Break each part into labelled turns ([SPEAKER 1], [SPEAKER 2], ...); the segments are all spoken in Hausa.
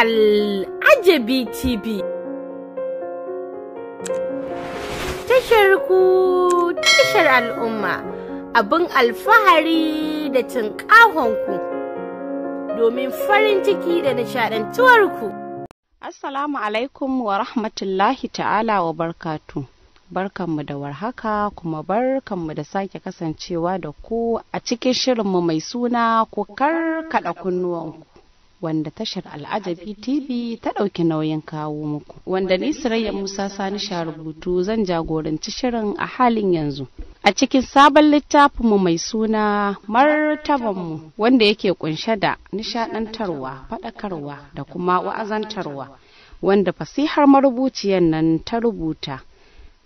[SPEAKER 1] Al'ajabi TV. Tashar ku tashar al'umma abin alfahari da ku domin farin ciki da nishadantuwar ku. Assalamu alaikum wa rahmatullahi ta'ala wa barkatu. Barkanmu da warhaka kuma barkanmu da sake kasancewa da ku a cikin shirinmu mai suna ku karkada kunnuwanku. wanda tashar al'ajabi tv ta ɗauki nauyin kawo muku wanda ni sirayya musa sani sha rubutu zan jagoranci shirin a halin yanzu a cikin sabon littafinmu mai suna martabanmu wanda yake kunshe da nishadantarwa faɗakarwa da kuma wa'azantarwa wanda fasihar marubuciyar nan ta rubuta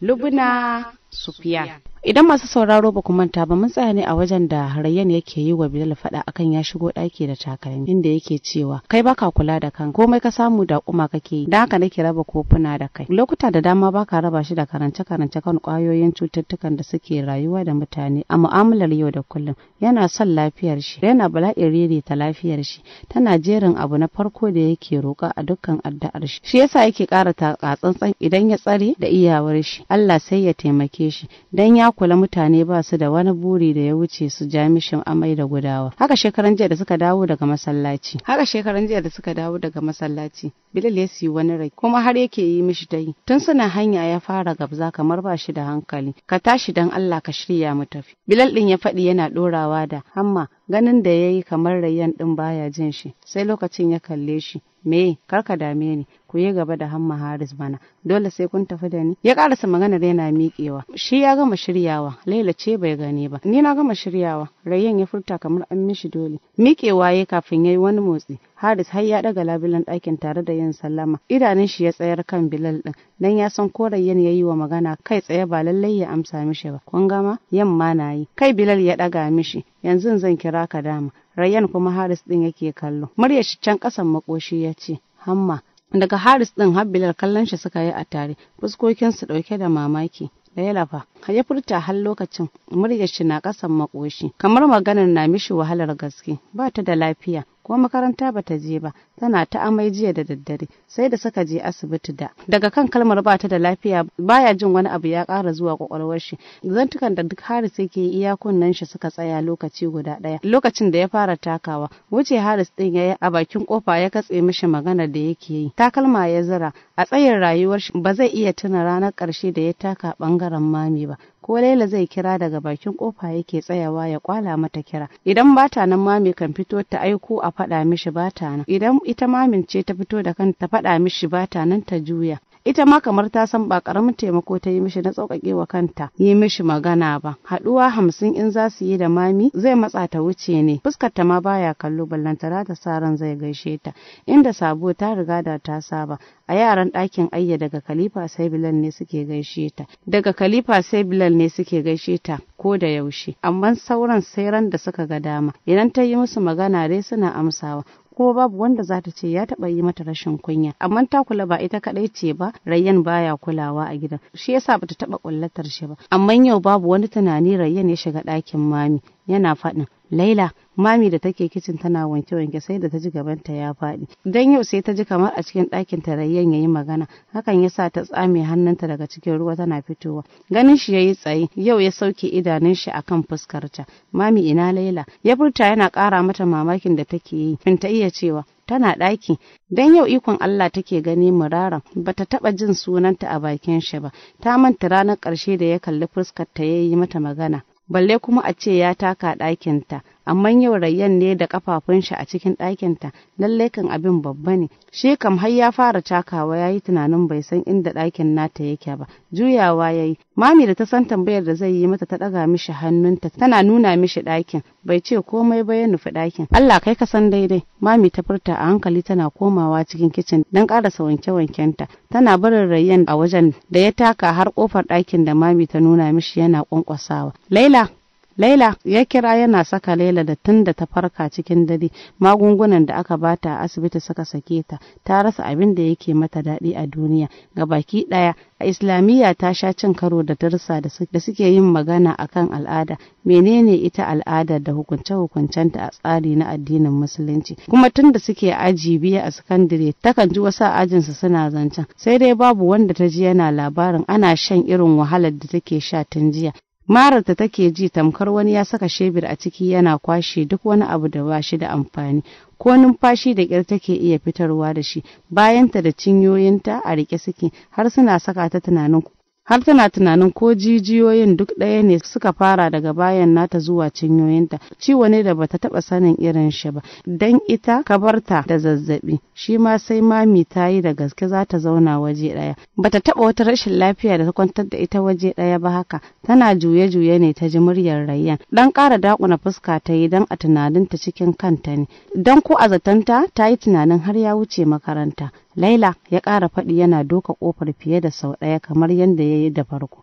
[SPEAKER 1] lubna sufiyan idan masu sauraro ba ku manta ba mun tsaya ne a wajen da rayyan yake yi wa bilal faɗa akan ya shigo ɗaki da takalmi inda yake cewa kai baka kula da kan komai ka samu da kuma kake yi dan haka nake raba kofuna da kai lokuta da dama baka raba shi da karance karance kan kwayoyin cututtukan da suke rayuwa da mutane a mu'amalar yau da kullum yana son lafiyar shi yana bala'in rere ta lafiyar shi tana jerin abu na farko da yake roƙa a dukkan addu'ar shi shi yasa yake ƙara tsantsan idan ya tsare da iyawar shi Allah sai ya taimake shi dan ya kula mutane ba su da wani buri da ya wuce su ja mishin amai da gudawa haka shekaran jiya da suka dawo daga masallaci haka shekaran jiya da suka dawo daga masallaci Bilal ya siyi wani rai kuma har yake yi mishi ta yi. Tun suna hanya ya fara gabza kamar ba shi da hankali. Ka tashi dan Allah ka shirya mu tafi. Bilal din ya faɗi yana ɗorawa da hamma ganin da ya yi kamar rayyan din baya jin shi sai lokacin ya kalle shi me kar ka dame ni ku yi gaba da hamma haris bana dole sai kun tafi da ni ya karasa maganar yana miƙewa shi ya gama shiryawa laila ce bai gane ba ni na gama shiryawa rayyan ya furta kamar an mishi dole miƙewa ya kafin ya yi wani motsi Haris har ya daga labulen ɗakin tare da yin sallama. Idanun shi ya tsayar kan Bilal ɗin. dan ya san korayen ya yi wa magana kai tsaye ba lallai ya amsa mishi ba. Kun gama? Yamma na yi. Kai Bilal ya ɗaga mishi, yanzu zan kira ka dama. Rayyan kuma Haris ɗin yake kallo. Murya shi can ƙasan makoshi ya ce, "Hamma, daga Haris ɗin har Bilal kallon shi suka yi a tare, fuskokinsu ɗauke da mamaki. Da ya lafa, ya furta har lokacin muryar shi na ƙasan makoshi, kamar maganar na mishi wahalar gaske, ba ta da lafiya, ko makaranta ba ta je ba tana ta amai jiya da daddare sai da suka je asibiti da daga kan kalmar ba ta da lafiya baya jin wani abu ya ƙara zuwa kwakwalwar shi zantukan da duk Haris yake iya kunnen shi suka tsaya lokaci guda ɗaya lokacin da ya fara takawa wuce Haris din yayi a bakin kofa ya katse mishi magana da yake yi takalma ya zira a tsayin rayuwar shi ba zai iya tuna ranar ƙarshe da ya taka bangaren mami ba ko Laila zai kira daga bakin kofa yake tsayawa ya kwala mata kira idan bata nan mami kan fito ta aiko a faɗa mishi bata nan idan ita mamin ce ta fito da kanta ta faɗa mishi bata nan ta juya ita ma kamar ta san ba karamin taimako ta yi mishi na tsaukake wa kanta yi mishi magana ba haɗuwa hamsin in za su yi da mami zai matsa ta wuce ne fuskar ta ma baya kallo ballantara ta sa ran zai gaishe ta inda sabo ta riga da ta saba a yaran ɗakin ayya daga khalifa sai bilal ne suke gaishe ta daga khalifa sai bilal ne suke gaishe ta ko da yaushe amma sauran sai ran da suka ga dama idan ta yi musu magana dai suna amsawa kuma babu wanda za ta ce ya taɓa yi mata rashin kunya amma ta kula ba ita kaɗai ce ba rayyan baya kulawa a gidan shi yasa bata taɓa kullatar shi ba amma yau babu wani tunani rayyan ya shiga ɗakin mami yana faɗin Laila mami da take kicin tana wanke-wanke sai da ta ji gabanta ya faɗi. Don yau sai ta ji kamar a cikin ɗakin tarayyan yayi magana, hakan ya sa ta tsame hannunta daga cikin ruwa tana fitowa. Ganin shi ya yi tsaye, yau ya sauke idanun shi akan fuskarta. Mami ina Laila, ya furta yana ƙara mata mamakin da take yi, fin ta iya cewa tana ɗaki don yau ikon Allah take gani muraran bata taɓa jin sunanta a bakin shi ba ta manta ranar ƙarshe da ya kalli fuskar ta yayi mata magana balle kuma a ce ya taka ɗakinta amma yau rayyan ne da kafafun shi a cikin ɗakinta lallai kan abin babba ne shi kam har ya fara cakawa yayi tunanin bai san inda ɗakin nata yake ba juyawa yayi mami da ta san tambayar da zai yi mata ta ɗaga mishi hannunta tana nuna mishi ɗakin bai ce komai ba ya nufi ɗakin Allah kai ka san daidai mami ta furta a hankali tana komawa cikin kicin dan ƙarasa wanke-wankenta tana barin rayyan a wajen da ya taka har kofar ɗakin da mami ta nuna mishi yana kwankwasawa laila Laila ya kira yana saka Laila da tun da ta farka cikin dare magungunan da aka bata a asibiti suka sake ta ta rasa abin da yake mata daɗi a duniya ga baki ɗaya a islamiyya ta sha cin karo da darsa da suke yin magana a kan al'ada menene ita al'ada da hukunce hukuncenta a tsari na addinin musulunci kuma tun da suke aji biya a sakandire takan ji wasu ajinsu suna zancen sai dai babu wanda ta ji yana labarin ana shan irin wahalar da take sha tun jiya Marar ta take ji tamkar wani ya saka shebir a ciki yana kwashe duk wani abu da ba shi da amfani ko numfashi da ƙyar take iya fitarwa da shi bayanta da cinyoyinta a rike suke har suna saka ta tunanin har tana tunanin ko jijiyoyin duk ɗaya ne suka fara daga bayan nata zuwa cinyoyinta ciwo ne da bata taɓa sanin irin shi ba dan ita ka barta da zazzabi shi ma sai mami ta yi da gaske za ta zauna waje ɗaya bata taɓa wata rashin lafiya da ta kwantar da ita waje ɗaya ba haka tana juye juye ne ta ji muryar rayyan dan ƙara dakuna fuska ta yi dan a tunaninta cikin kanta ne dan ko a zatanta ta yi tunanin har ya wuce makaranta laila ya ƙara faɗi yana doka ƙofar fiye da sau ɗaya kamar yadda ya yi da farko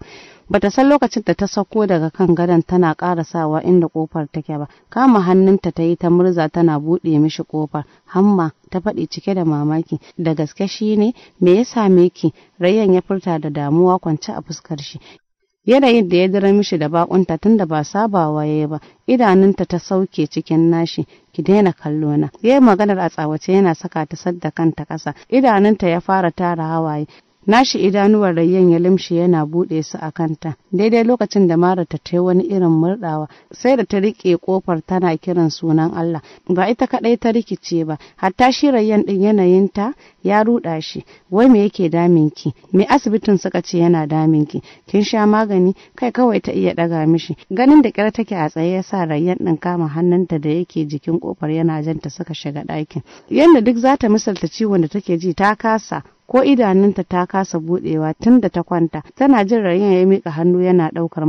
[SPEAKER 1] bata san lokacin da ta sauko daga kan gadon tana ƙara sawa inda ƙofar take ba kama hannunta ta yi ta murza tana buɗe mishi ƙofar hamma ta faɗi cike da mamaki da gaske shi ne me ya same ki rayyan ya furta da damuwa kwance a fuskar shi yanayin da ya dira mishi da bakunta tunda ba sabawa yayi ba idanunta ta sauke cikin nashi ki daina kallo na yayi maganar a tsawace yana saka ta sadda kanta kasa idanunta ya fara tara hawaye nashi idanuwar rayyan ya limshi yana buɗe su a kanta daidai lokacin da mara ta ta wani irin murɗawa sai da ta riƙe ƙofar tana kiran sunan Allah ba ita kaɗai ta rikice ba hatta shi rayyan ɗin ta ya ruɗa shi wai me yake daminki me asibitin suka ce yana daminki kin sha magani kai kawai ta iya ɗaga mishi ganin da ƙyar take a tsaye ya sa rayyan ɗin kama hannunta da yake jikin ƙofar yana janta suka shiga ɗakin yadda duk za ta misalta ciwon da take ji ta kasa ko idanunta ta kasa budewa tun da ta kwanta tana jin rayuwa ya mika hannu yana ɗaukar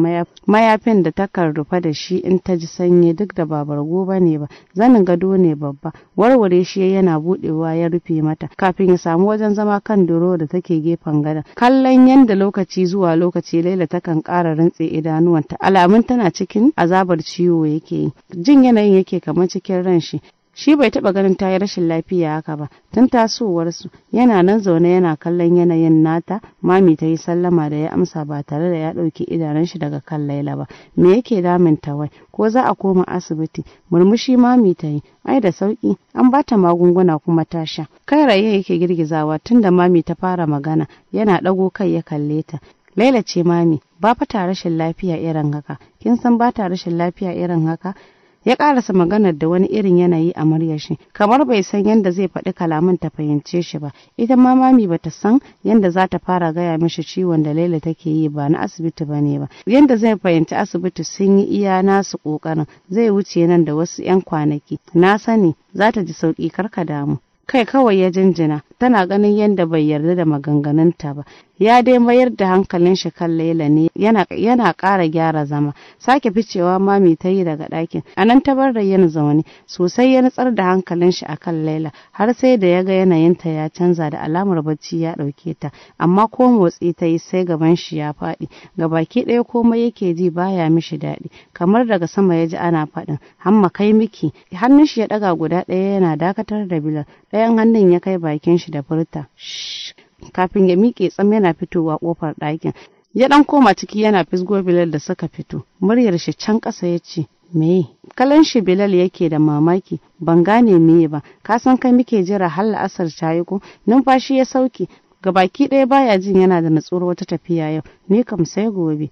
[SPEAKER 1] mayafin da ta rufe da shi in ta ji sanyi duk da ba bargo ba ne ba zanin gado ne babba warware shi yana budewa ya rufe mata kafin ya samu wajen zama kan duro da take gefen gadon kallon yadda lokaci zuwa lokaci laila takan ƙara rintse idanuwanta alamun tana cikin azabar ciwo yake yi jin yanayin yake kamar cikin ran shi shi bai taba ganin ta yi rashin lafiya haka ba tun tasowarsu yana nan zaune yana kallon yanayin nata mami ta yi sallama da ya amsa ba tare da ya ɗauki idanun shi daga kan laila ba me yake damin ta wai ko za a koma asibiti murmushi mami ta yi ai da sauki an bata magunguna kuma ta sha kai raye yake girgizawa tunda mami ta fara magana yana ɗago kai ya kalle ta laila ce mami ba fa ta rashin lafiya irin haka kin san ba ta rashin lafiya irin haka ya karasa maganar da wani irin yanayi a muryarshi. kamar bai san yadda zai faɗi kalaman ta fahimce shi ba ita ma mami bata san yadda za ta fara gaya mishi ciwon da Laila take yi ba na asibiti ba ne ba yadda zai fahimci asibiti sun yi iya nasu ƙoƙarin. zai wuce nan da wasu 'yan kwanaki na sani za ta ji sauki karka damu kai kawai ya jinjina tana ganin yadda bai yarda da maganganunta ba ya dai mayar da hankalin shi kan laila ne yana ƙara gyara zama sake ficewa mami ta yi daga ɗakin a nan ta bar da yin zaune sosai ya nutsar da hankalin shi a kan laila har sai da ya ga yanayinta ya canza da alamar bacci ya ɗauke ta amma ko motsi ta yi sai gaban shi ya faɗi baki ɗaya komai yake ji baya mishi daɗi kamar daga sama ya ji ana faɗin hamma kai miki hannun shi ya ɗaga guda ɗaya yana dakatar da bilal ɗayan hannun ya kai bakin shi da furta kafin ya miƙe tsam yana fitowa ƙofar ɗakin ya ɗan koma ciki yana fisgo bilal da suka fito muryar shi can ƙasa ya ce me kalan shi bilal yake da mamaki ban gane meye ba ka san kai muke jira har la'asar ta yi ko numfashi ya sauke baki ɗaya baya jin yana da natsuwar wata tafiya yau ni kam sai gobe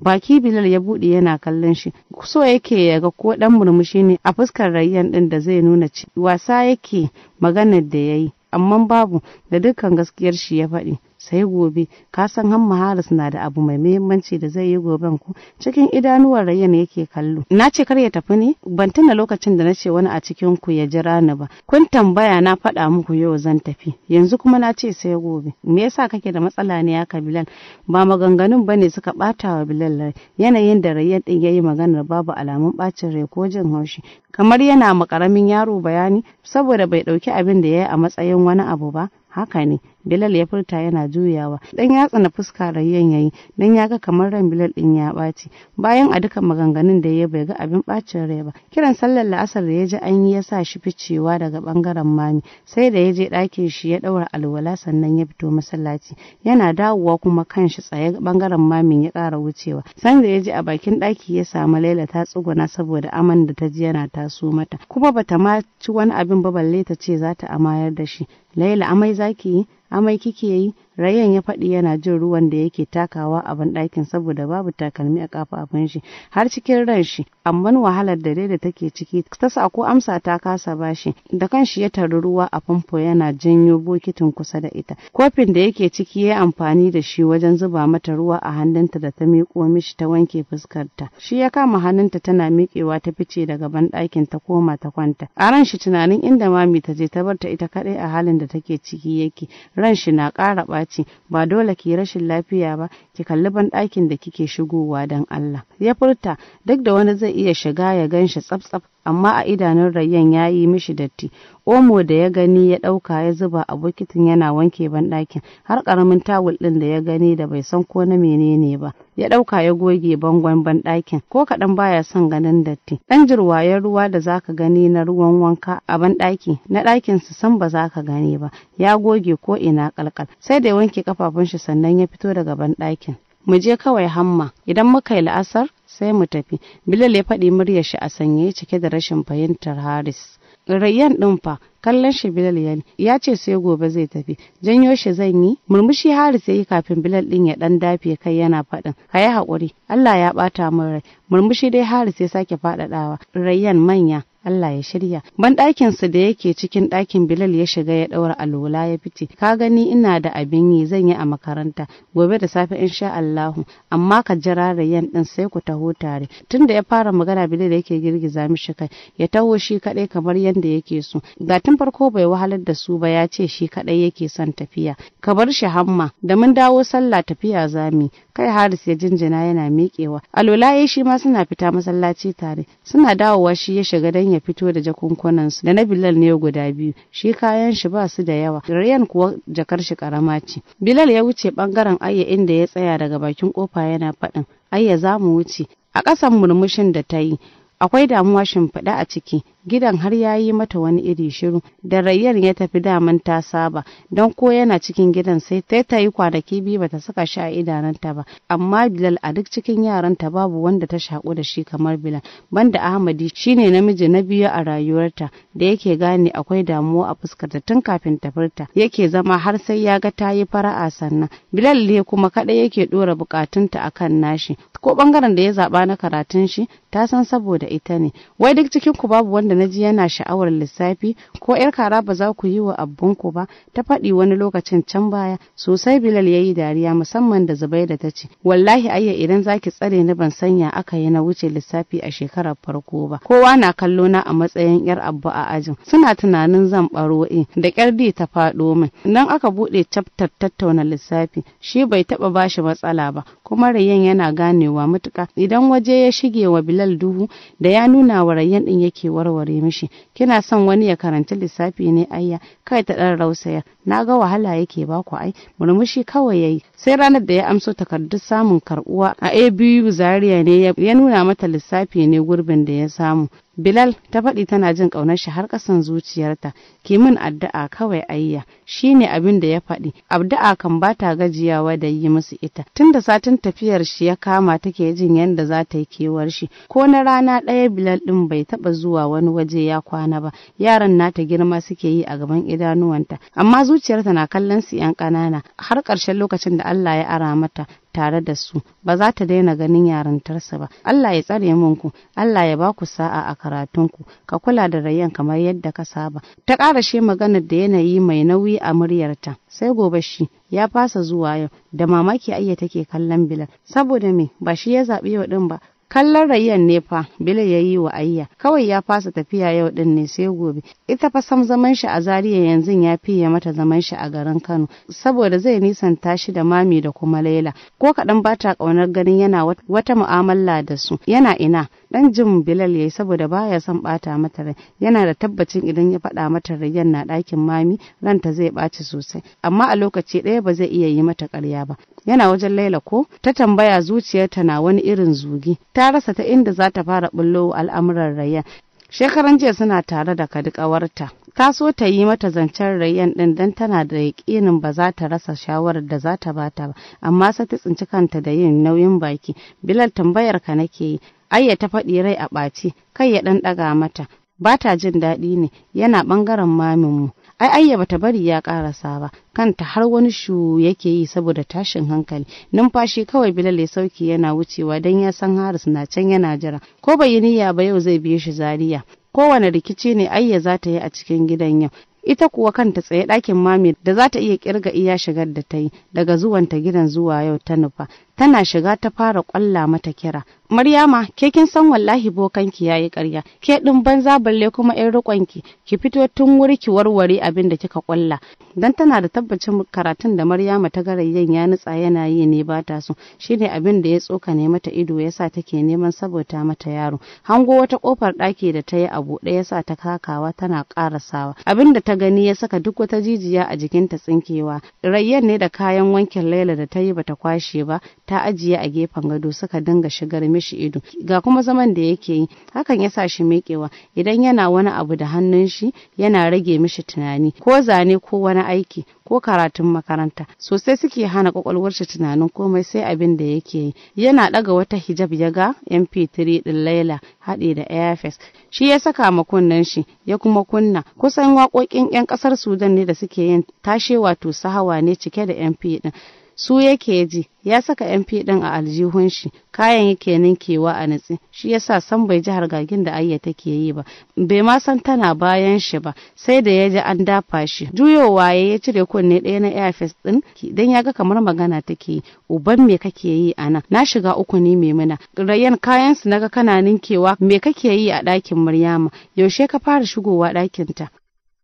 [SPEAKER 1] baki bilal ya buɗe yana kallon shi so yake ya ga ko ɗan murmushi ne a fuskar rayyan ɗin da zai nuna ci wasa yake maganar da ya yi amma babu da dukkan gaskiyar shi ya faɗi sai gobe ka san hamma haris na da abu mai muhimmanci da zai yi goben ku cikin idanuwar rayyan yake kallo na ce kar ya tafi ne ban tuna lokacin da na ce wani a cikin ku ya jira ni ba kun tambaya na faɗa muku yau zan tafi yanzu kuma na ce sai gobe me yasa kake da matsala ne ya kabilan ba maganganun bane suka ɓata wa bilal yanayin da rayyan din yayi maganar babu alamun ɓacin rai ko jin haushi kamar yana makaramin yaro bayani saboda bai ɗauki abin da yayi a matsayin wani abu ba haka ne Bilal ya furta yana juyawa. Dan ya tsana fuska rayyan yayi dan ya ga kamar ran Bilal din ya ɓaci. Bayan a duka maganganun da ya bai ga abin ɓacin rai ba. Kiran sallar la'asar da ya ji an yi ya sa shi ficewa daga bangaren mami sai da ya je ɗakin shi ya ɗaura alwala sannan ya fito masallaci. Yana dawowa kuma kan shi tsaye bangaren mamin ya ƙara wucewa. Sanda ya ji a bakin ɗaki ya samu Laila ta tsuguna saboda aman da ta ji yana taso mata. Kuma bata ma ci wani abin ba balle ta ce za ta amayar da shi. Laila amai zaki amai kike yi rayan ya faɗi yana jin ruwan da yake takawa a banɗakin saboda babu takalmi a kafafun shi har cikin ran shi amma wahalar da dai da take ciki ta sa ko amsa ta kasa bashi da kanshi ya tari ruwa a famfo yana janyo bokitin kusa da ita kofin da yake ciki ya amfani da shi wajen zuba mata ruwa a hannunta da ta miƙo mishi ta wanke fuskarta shi ya kama hannunta tana miƙewa ta fice daga banɗakin ta koma ta kwanta a ran shi tunanin inda mami ta je ta bar ta ita kaɗai a halin da take ciki yake ran shi na ƙara ɓaci ba dole ki rashin lafiya ba ki kalli banɗakin da kike shigowa don Allah ya furta duk da wani zai iya shiga ya ganshi shi tsaf amma a idanun rayyan ya yi mishi datti omo da ya gani ya ɗauka ya zuba a bokitin yana wanke banɗakin har ƙaramin tawul ɗin da ya gani da bai san ko na menene ba ya ɗauka ya goge bangon banɗakin ko kaɗan baya son ganin datti ɗan jirwayen ruwa da zaka gani na ruwan wanka a banɗaki na ɗakin su san ba zaka gani ba ya goge ko ina ƙalƙal sai da ya wanke kafafun shi sannan ya fito daga banɗakin mu je kawai hamma idan muka yi la'asar sai mu tafi bilal ya faɗi murya shi a sanye cike da rashin fahimtar haris rayyan ɗin fa kallon shi bilal ya ya ce sai gobe zai tafi janyo shi zan yi murmushi haris ya yi kafin bilal ɗin ya ɗan dafe kai yana faɗin ka yi haƙuri allah ya ɓata min rai murmushi dai haris ya sake faɗaɗawa rayyan manya Allah ya shirya ban ɗakin su da yake cikin ɗakin Bilal ya shiga ya ɗaura alwala ya fice ka gani ina da abin yi zan yi a makaranta gobe da safe insha Allahu amma ka jira rayan ɗin, sai ku taho tare tunda ya fara magana Bilal yake girgiza mishi kai ya taho shi kaɗai kamar yadda yake so ga tun farko bai wahalar da su ba ya ce shi kaɗai yake son tafiya ka bar shi hamma da mun dawo sallah tafiya zami kai Haris ya jinjina yana miƙewa alwala ya shi ma suna fita masallaci tare suna dawowa shi ya shiga dan ya fito da jakunkunansu. da na Bilal ne guda biyu shi kayan shi ba su da yawa rayan kuwa jakar shi karama ce Bilal ya wuce bangaren Ayya inda ya tsaya daga bakin kofa yana faɗin Ayya za mu wuce a ƙasan murmushin da ta yi akwai damuwa shimfiɗa a ciki gidan har ya yi mata wani iri shiru da rayyar ya tafi daman ta saba don ko yana cikin gidan sai ta ta yi kwanaki biyu bata saka shi a idananta ba amma bilal a duk cikin yaranta babu wanda ta shaku da shi kamar bilal banda ahmadi shine namiji na biyu a rayuwarta da yake gane akwai damuwa a fuskarta tun kafin ta furta yake zama har sai ya ga ta yi fara'a sannan bilal ne kuma kaɗai yake ɗora bukatunta kan nashi ko bangaren da ya zaɓa na karatun shi ta san saboda ita ne wai duk cikin ku babu wanda da na ji yana sha'awar lissafi ko yar kara ba za ku yi wa abbanku ba ta faɗi wani lokacin can baya sosai bilal ya yi dariya musamman da zubaida ta ce wallahi ayya idan za ki tsare ni ban sanya aka yi na wuce lissafi a shekarar farko ba kowa na kallo na a matsayin yar abba a ajin suna tunanin zan baro in eh, da kyar di ta faɗo min nan aka buɗe chapter tattauna lissafi shi bai taɓa bashi matsala ba kuma rayyan yana ganewa matuƙa idan waje ya shige wa bilal duhu da ya nuna wa rayyan din yake warware warware mishi kina son wani ya karanci lissafi ne ayya kai ta dan rausaya na ga wahala yake ba ku ai murmushi kawai yayi sai ranar da ya amso takardun samun karbuwa a ABU Zaria ne ya nuna mata lissafi ne gurbin da ya samu Bilal ta faɗi tana jin ƙaunar shi har ƙasan zuciyarta, ki min addu'a kawai ayya, shi ne abin da ya faɗi, addu'a kan ba ta gajiyawa da yi musu ita. Tun da satin tafiyar shi ya kama take jin yadda za ta yi kewar shi, ko na rana ɗaya Bilal ɗin bai taɓa zuwa wani waje ya kwana ba, yaran nata girma suke yi a gaban idanuwanta, amma zuciyarta na kallon su ‘yan ƙanana har ƙarshen lokacin da Allah ya ara mata tare da su ba za ta daina ganin yarantarsa ba Allah ya tsare ku Allah ya ba ku sa'a a karatunku ka kula da rayyan kamar yadda ka saba ta ƙara ƙarashe maganar da yanayi mai nauyi a muryarta sai gobe shi ya fasa zuwa yau da mamaki ayya take kallon bilal saboda me ba shi ya zaɓi yau ɗin ba kallon rayyan ne fa bila ya yi wa ayya kawai ya fasa tafiya yau din ne sai gobe ita fa sam zaman shi a Zariya yanzu ya fiye mata zaman shi a garin kano saboda zai nisan tashi da mami da kuma laila ko kaɗan bata ta ƙaunar ganin yana wata mu'amala da su yana ina dan jin bilal yayi saboda baya son bata mata rai yana da tabbacin idan ya faɗa mata rayyan na ɗakin mami ranta zai ɓaci sosai amma a lokaci ɗaya ba zai iya yi mata ƙarya ba yana wajen laila ko ta tambaya zuciyarta na wani irin zugi ta rasa ta inda za ta fara bullo al'amuran rayyan shekaran jiya suna tare da kadikawarta ta so ta yi mata zancen rayyan din dan tana da yaƙinin ba za ta rasa shawarar da za ta bata ba amma sai ta tsinci kanta da yin nauyin baki bilal tambayar ka nake yi Ayya ta faɗi rai a ɓaci, kai ya ɗan ɗaga mata. Ba ta jin daɗi ne, yana ɓangaren maminmu. Ai Ayya bata bari ya ƙarasa ba, kanta har wani shu yake yi saboda tashin hankali. Numfashi kawai Bilal ya sauki yana wucewa don ya san Haris na can yana jira. Ko bai yi niyya ba yau zai biye shi zariya Kowane rikici ne Ayya za ta yi a cikin gidan yau. ita kuwa kanta tsaye ɗakin mami da za ta iya ƙirga iya shigar da ta yi daga zuwanta gidan zuwa yau ta nufa tana shiga ta fara kwalla mata kira Maryama ke kin san wallahi bokanki yayi karya. ke din banza balle kuma ƴan riƙonki ki fito tun wuri ki warware abin da kika kwalla dan tana da tabbacin karatun da Maryama ta garayyan ya nutsa yana yi ne ba ta so shine abin da ya tsoka ne mata ido yasa take neman sabota mata yaro hango wata kofar ɗaki da ta yi a buɗe yasa ta kakawa tana ƙarasawa abin da ta gani ya saka duk wata jijiya a jikinta tsinkewa rayyan ne da kayan wankin Laila da ta yi bata kwashe ba ta ajiye a gefen gado suka dinga shigar mishi ido ga kuma zaman da yake yi hakan ya sa shi mekewa idan yana wani abu da hannun shi yana rage mishi tunani ko zane ko wani aiki ko karatun makaranta sosai suke hana kwakwalwar shi tunanin komai sai abin da yake yi yana ɗaga wata hijab ya ga mp3 ɗin laila haɗe da airfest shi ya saka ma kunnen shi ya kuma kunna kusan waƙoƙin 'yan ƙasar sudan ne da suke yin tashe wato sahawa ne cike da mp ɗin su yake ji ya saka yan ɗin a aljihun shi kayan yake ninkewa a natsi shi yasa san bai ji hargagin da ayya take yi ba bai ma san tana bayan shi ba sai da ya ji an dafa shi juyowa ya ya cire kunne ɗaya na airfest ɗin idan ya ga kamar magana take yi uban me kake yi a nan na shiga uku ne mai muna rayan kayan su naga kana ninkewa me kake yi a ɗakin maryama yaushe ka fara shigowa ɗakin ta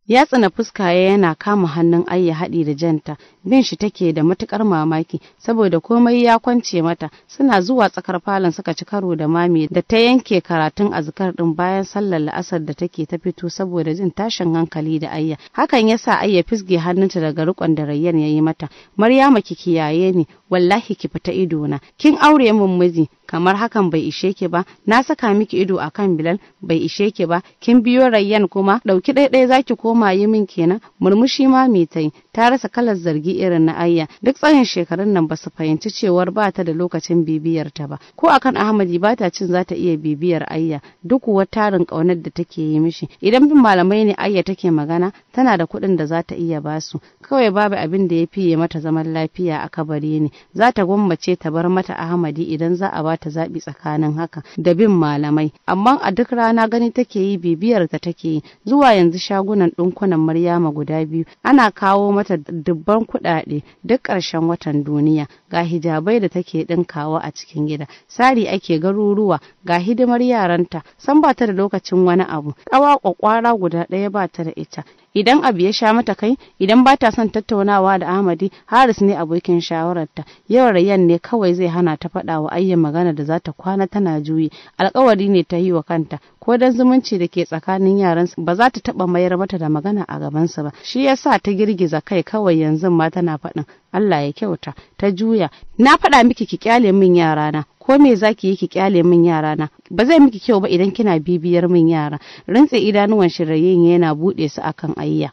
[SPEAKER 1] ya tsina fuska yana kama hannun ayya haɗi da janta bin shi take da matukar mamaki saboda komai ya kwance mata suna zuwa tsakar falon suka ci karo da mami da ta yanke karatun azkar din bayan sallar la'asar da take ta fito saboda jin tashin hankali da ayya hakan yasa ayya fisge hannunta daga rikon da rayyan yi mata maryama ki kiyaye ni wallahi ki fita idona kin aure mun miji kamar hakan bai ishe ki ba na saka miki ido akan bilal bai ishe ki ba kin biyo rayyan kuma dauki ɗaiɗai ki koma yi min kenan murmushi ma mai ta yi ta rasa kalar zargi irin na ayya duk tsayin shekarun nan ba su fahimci cewar ba ta da lokacin bibiyar ta ba ko akan ahmadi ba ta cin za ta iya bibiyar ayya duk kuwa tarin ƙaunar da take yi mishi idan bin malamai ne ayya take magana tana da kuɗin da za ta iya ba su. kawai babu abin da ya fiye mata zaman lafiya a kabari ne za ta gwammace ta bar mata ahmadi idan za a ba ta zaɓi tsakanin haka da bin malamai amma a duk rana gani take yi bibiyar ta take yi zuwa yanzu shagunan ɗinkunan Maryama guda biyu ana kawo mata dubban kuɗaɗe duk ƙarshen watan duniya ga hijabai da take ɗinkawa a cikin gida sari ake garuruwa ga hidimar yaranta san ta da lokacin wani abu ƙawa ƙwaƙwara guda ɗaya ta da ita idan abu ya sha mata kai idan ba ta son tattaunawa da Ahmadi Haris ne abokin shawararta yawan rayan ne kawai zai hana ta faɗa wa ayyan magana da za ta kwana tana juyi alkawari ne ta yi wa kanta ko dan zumunci da ke tsakanin yaran ba za ta taba mayar mata da magana a gabansa ba shi yasa ta girgiza kai kawai yanzu ma tana faɗin Allah ya kyauta ta juya na faɗa miki ki kyale min yarana ko me za ki yi ki kyale min yara na ba zai miki kyau ba idan kina bibiyar min yara rintse idanuwan shirayen yana bude su akan ayya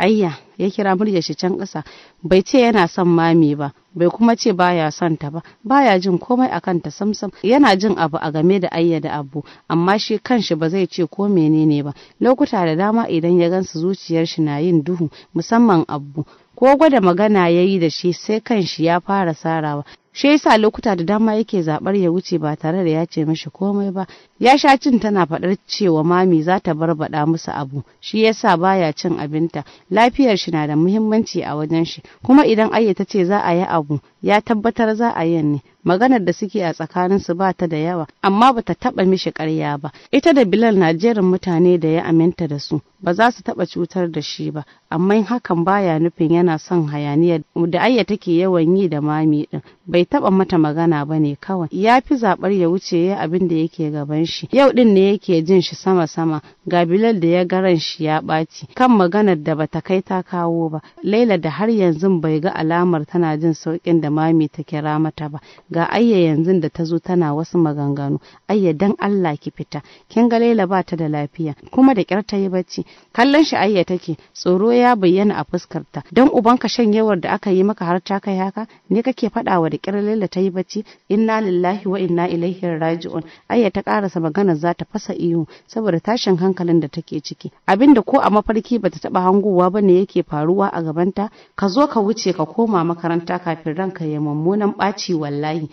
[SPEAKER 1] ayya ya kira murya shi can kasa. bai ce yana son mami ba bai kuma ce baya son ta ba baya jin komai a ta samsam yana jin abu a game da ayya da abu amma shi kanshi ba zai ce ko menene ba lokuta da dama idan ya gansu zuciyar shi na yin duhu musamman abu ko gwada magana ya yi da shi sai kanshi ya fara sarawa shi yasa lokuta da dama yake zabar ya wuce ba tare da ya ce mashi komai ba ya sha cin tana faɗar cewa mami za ta baɗa musu abu shi yasa baya cin abinta lafiyar shi na da muhimmanci a wajen shi kuma idan ayyata ce za a yi abu ya tabbatar za a yi ne maganar da suke a tsakaninsu ba ta da yawa amma ba ta taɓa mishi karya ba ita da bilal na jerin mutane da ya aminta da su ba za su taɓa cutar da shi ba amma hakan baya nufin yana son hayaniya da ayya take yawan yi da mami din bai taɓa mata magana ba ne kawai ya fi zaɓar ya wuce ya abin da yake gaban shi yau din ne yake jin shi sama sama ga bilal da ya garan shi ya ɓaci kan maganar da bata kai ta kawo ba laila da har yanzu bai ga alamar tana jin sauƙin da mami ta kira mata ba ga ayya yanzu da ta zo tana wasu maganganu ayya dan Allah ki fita kin ga Laila ba ta da lafiya kuma da kyar ta yi bacci kallon shi ayya take tsoro ya bayyana a fuskarta dan ubanka shanyewar da aka yi maka har ta kai haka ne kake faɗawa da kyar Laila ta yi bacci inna lillahi wa inna ilaihi raji'un ayya ta karasa magana za ta fasa iyo saboda tashin hankalin da take ciki abinda ko a mafarki ba ta taba hangowa ba ne yake faruwa a gabanta ka zo ka wuce ka koma makaranta kafin ranka ya mummunan ɓaci wallahi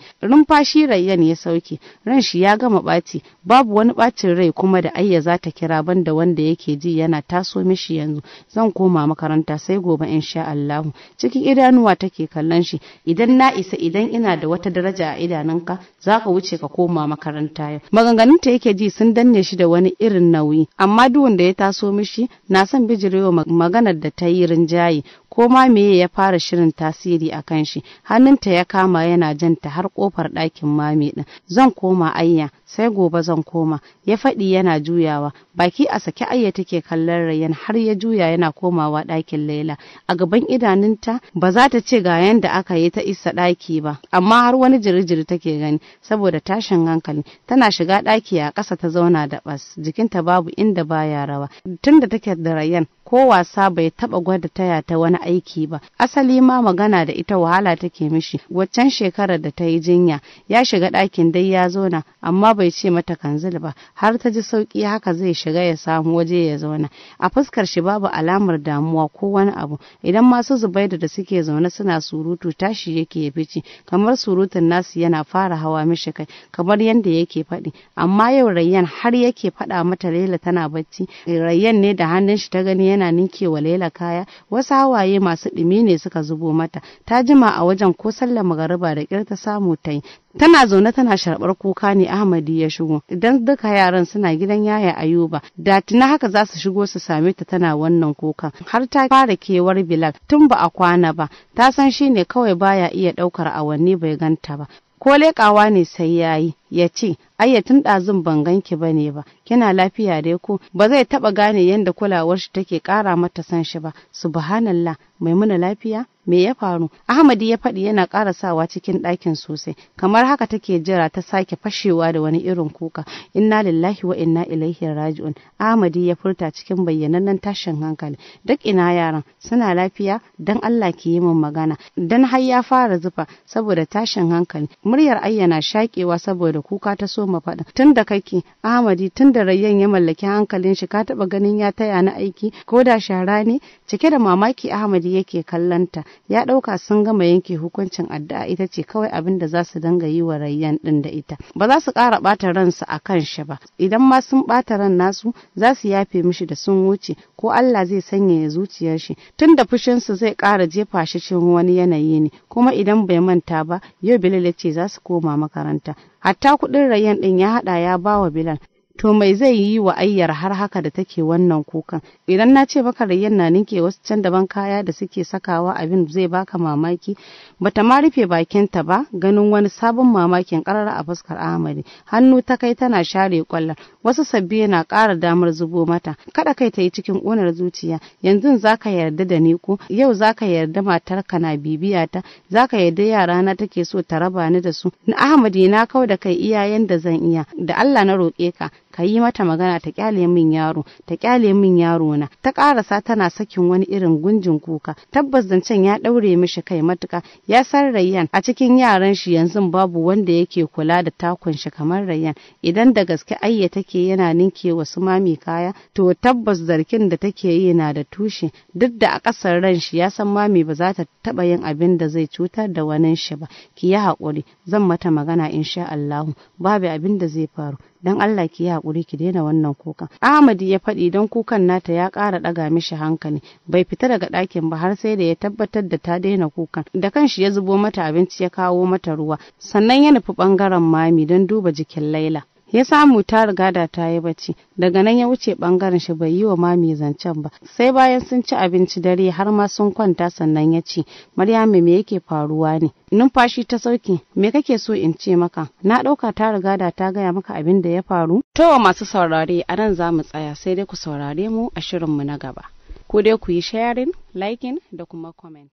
[SPEAKER 1] shi rayyan ya sauke ran shi ya gama ɓaci babu wani ɓacin rai kuma da ayya za ta kira banda wanda yake ji yana taso mishi yanzu zan koma makaranta sai gobe in sha Allahu cikin idanuwa take kallon shi idan na isa idan ina da wata daraja a idanunka za ka wuce ka koma makaranta yau maganganun ta yake ji sun danne shi da wani irin nauyi amma duwan da ya taso mishi na son bijirewa maganar da ta yi rinjaye ko ma meye ya fara shirin tasiri a kan shi hannunta ya kama yana janta har kofar ɗakin mami ɗin zan koma ayya sai gobe zan koma ya faɗi yana juyawa baki a sake ayya take kallon rayan har ya juya yana komawa ɗakin laila a gaban idanunta ba za ta ce ga yanda aka yi ta isa ɗaki ba amma har wani jiri-jiri take gani saboda tashin hankali tana shiga ɗaki a ƙasa ta zauna da bas jikinta babu inda baya rawa tunda take da rayan ko wasa bai taba gwada taya ta wani aiki ba asali ma magana da ita wahala take mishi waccan shekarar da ta yi jinya ya shiga ɗakin dai ya zauna amma bai ce mata kanzil ba har ta ji sauki haka zai shiga ya samu waje ya zauna a fuskar shi babu alamar damuwa ko wani abu idan masu Zubairu da suke zaune suna surutu tashi yake ya fice kamar surutun nasu yana fara hawa mishi kai kamar yadda yake faɗi amma yau rayyan har yake faɗa mata laila tana bacci rayyan ne da hannun shi ta gani yana ninkewa laila kaya wasu hawaye masu ɗumi ne suka zubo mata ta jima a wajen ko sallama magariba da ƙyar ta samu ta yi tana zaune tana sharbar kuka ne ahmadi ya shigo idan duka yaran suna gidan yaya ayuba da tuna haka za su shigo su same ta tana wannan kuka. har ta fara kewar bilal tun ba a kwana ba ta san shine kawai baya iya daukar awanni bai ganta ba ko leƙawa ne sai ya yi ya ce ayya tun ɗazun ban ganki ba ne ba kina lafiya dai ko ba zai taɓa gane yadda kulawar shi take ƙara mata san shi ba subhanallah maimuna lafiya me ya faru ahmadi ya faɗi yana ƙarasawa cikin ɗakin sosai kamar haka take jira ta sake fashewa da wani irin kuka inna lillahi wa inna ilaihi raji'un ahmadi ya furta cikin bayyanannen tashin hankali duk ina yaran suna lafiya dan Allah ki yi min magana dan har ya fara zufa saboda tashin hankali muryar ayyana shakewa saboda kuka ta so ma faɗa Tunda da kake ahmadi tun da rayyan ya mallaki hankalin shi ka taɓa ganin ya taya na aiki ko da shara ne cike da mamaki ahmadi yake kallanta ya ɗauka sun gama yanke hukuncin addu'a ita ce kawai abin da za su dinga yi wa rayyan ɗin da ita ba za su ƙara ɓata ransu a kan shi ba idan ma sun ɓata ran nasu za su yafe mishi da sun wuce ko Allah zai sanyaya zuciyar shi tun tunda fushinsu zai ƙara jefa shi cikin wani yanayi ne kuma idan bai manta ba yau Bilal ya ce za su koma makaranta hatta kuɗin rayyan ɗin ya haɗa ya ba wa Bilal to mai zai yi wa ayyar har haka da take wannan kukan idan na ce baka rayyan na ninke wasu can daban kaya da suke sakawa abin zai baka mamaki bata ma rufe bakinta ba ganin wani sabon mamakin karara a fuskar ahmadi hannu ta kai tana share kwallon wasu sabbi na ƙara damar zubo mata kada kai ta yi cikin ƙonar zuciya yanzu zaka yarda da ni ko yau zaka yarda matarka na bibiya ta zaka yarda yara na take so ta raba ni da su na ahmadi na kau da kai iyayen da zan iya da Allah na roƙe ka ka yi mata magana ta kyale min yaro ta kyale min yaro na ta karasa tana sakin wani irin gunjin kuka tabbas zancen ya daure mishi kai matuka ya san rayyan a cikin yaran shi yanzu babu wanda yake kula da takon shi kamar rayyan idan da gaske ayya take yana ninke wasu mami kaya to tabbas zargin da take yi na da tushe duk da a ƙasar ran shi ya san mami ba za ta taba yin abin da zai cutar da wanin shi ba ki yi haƙuri zan mata magana insha Allah babu abin da zai faru dan Allah ki yi hakuri ki daina wannan kukan Ahmad ya faɗi don kukan nata ya ƙara ɗaga mishi hankali bai fita daga ɗakin ba har sai da ya tabbatar da ta daina kukan da kanshi ya zubo mata abinci ya kawo mata ruwa sannan ya nufi ɓangaren mami don duba jikin Laila ya samu ta riga da ta yi bacci daga nan ya wuce bangaren shi bai yi wa mami zancen ba sai bayan sun ci abinci dare har ma sun kwanta sannan ya ce maryamu me yake faruwa ne numfashi ta sauki me kake so in ce maka na ɗauka ta riga da ta gaya maka abin da ya faru to masu saurare a nan za mu tsaya sai dai ku saurare mu a shirin mu na gaba ku dai ku yi sharing liking da kuma comment